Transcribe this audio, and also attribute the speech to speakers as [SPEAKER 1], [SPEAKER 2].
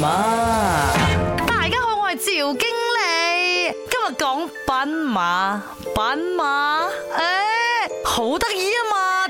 [SPEAKER 1] 媽，
[SPEAKER 2] 大家好，我係趙經理，今日講品馬，品
[SPEAKER 3] 馬，誒、欸，好得意啊嘛。